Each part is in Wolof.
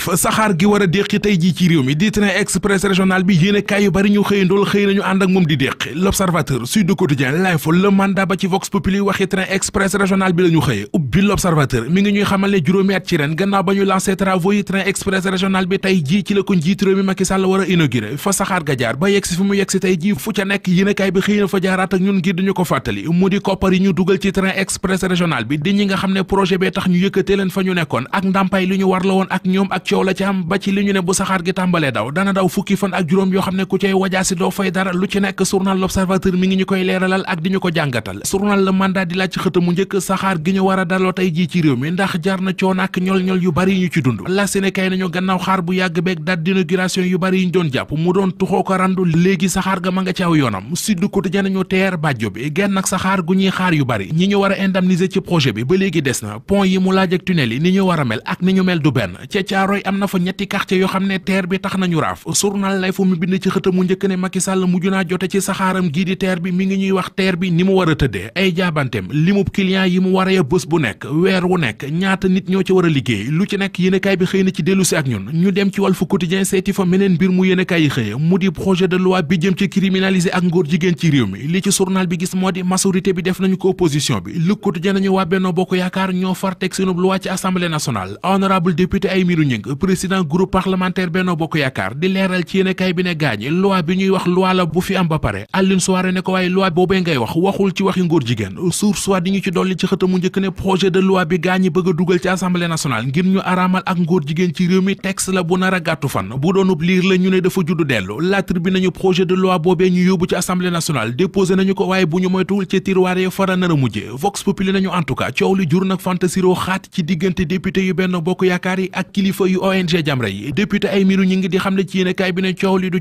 fa saxaar gi war a déqi tey jii ci réew mi di train express régional bi yéene kaay yu bari ñu xëyandool xëy nañu ànd ak moom di déqi l'observateur sud du quotidien l'info le mandat ba ci vox populi waxi train express régional bi la ñu xëye bi l'observateur mi ngi ñuy xamal ne juróomi at ci ren gannaaw ba ñu lancé travaux train express régional bi tey jii ci la ko njiit réew mi Macky war a inauguré fa saxaar ga jaar ba yegsi fi mu yegsi tey jii fu ca nekk yéenekaay bi xëy na fa jaaraat ak ñun ngir duñu ko fàttali mu di koppar yi ñu dugal ci train express régional bi di ñi nga xam ne projet bee tax ñu yëkkatee leen fa ñu nekkoon ak ndàmpaay li ñu war la woon ak ñoom ak coow la ci am ba ci li ñu ne bu saxaar gi daw dana daw fukki fan ak juróom yoo xam ne ku cay wajaasi doo fay dara lu ci nekk mi ngi ñu ko le mandat di laaj ci xëta mu njëkk saxaar seetloo tey jii ci réew mi ndax jar na coono ak ñool ñol yu bari yu ci dund la Sénégal nañu gannaaw xaar bu yàgg beeg date d'inauguration yu bari yi ñu doon jàpp mu doon tuxoo ko randu léegi saxaar ga ma nga ci aw yoonam Sud Quotidien nañu teer bàjjo bi genn ak saxaar gu ñuy xaar yu bari ñi ñu war a indemniser ci projet bi ba léegi des na pont yi mu laaj ak tunnel ni ñu war a mel ak ni ñu mel du benn ca Caaroy am na fa ñetti quartier yoo xam ne teer bi tax nañu raaf journal lay fu mu bind ci xëta mu njëkk ne Macky Sall mujj naa jote ci saxaaram gii di teer ngi ñuy wax teer bi ni mu war a tëddee ay jaabanteem limub client yi mu war a bés bu nekk nekk weer wu nekk ñaata nit ñoo ci war a liggéey lu ci nekk yéenekaay bi xëy na ci dellu si ak ñun ñu dem ci Walf Quotidien seeti fa meneen mbir mu yéenekaay yi xëye mu di projet de loi bi jëm ci criminaliser ak ngóor jigéen ci réew mi li ci journal bi gis moo di majorité bi def nañu ko opposition bi Le Quotidien nañu waa Benno Bokk Yaakaar ñoo far teg seenub loi ci assemblée nationale honorable député Aymérou Gningue président groupe parlementaire Benno projet de loi bi gaa ñi dugal ci assemblée nationale ngir ñu araamal ak ngóor jigéen ci réew mi texte la bu nar gàttu fan bu doonub liir la ne dafa juddu dellu la tribune nañu projet de loi boobee ñu yóbbu ci assemblée nationale déposé nañu ko waaye bu ñu moytuwul ci tiroir fara nar mujje vox populi nañu en coow li jur nag fantasiro xaat ci diggante député yu benn bokk yaakaar yi ak kilifa yu ONG Jamra yi député ay miru ñi ngi di xam ne ci yéenekaay bi ne coow li du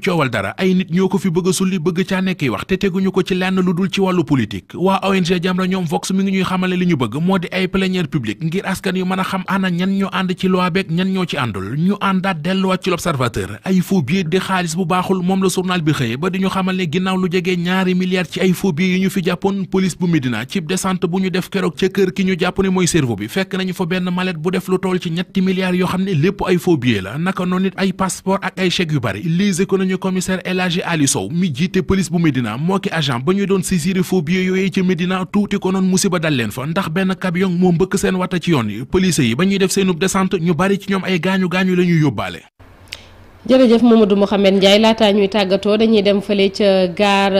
ay plénière publique ngir askan yu mën a xam ana ñan ñoo ànd ci loi beeg ñan ñoo ci àndul ñu àndaat delluwaat ci l'observateur ay faux di xaalis bu baaxul moom la journal bi xëyee ba di ñu xamal ne ginnaaw lu jege ñaari milliards ci ay faux billets yu ñu fi jàppoon police bu Médina cib descente bu ñu def keroog ca kër ki ñu jàpp ne mooy cerveau bi fekk nañu fa benn mallette bu def lu toll ci ñetti milliards yoo xam ne lépp ay faux billets la naka noonu nit ay passeport ak ay chèques yu bari Les mi jiite police bu Médina moo ki agent ba ñu doon saisir faux billets yooyu tuuti ko noon musiba dal leen fa ndax benn camion nag moo mbëkk seen wata ci yoon yi police yi ba ñuy def seenub descente ñu bari ci ñoom ay gaañu gaañu la ñuy yóbbaale. jërëjëf Mamadou Mouhamed Ndiaye laataa ñuy tàggatoo dañuy dem fële ca gaar